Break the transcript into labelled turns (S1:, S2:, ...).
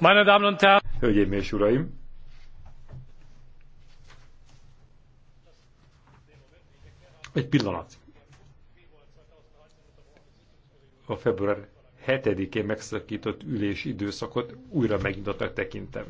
S1: Meine Damen und Herren! Hölgyeim és Uraim! Egy pillanat.
S2: A február 7-én megszakított ülés időszakot újra megnyitottak tekintem.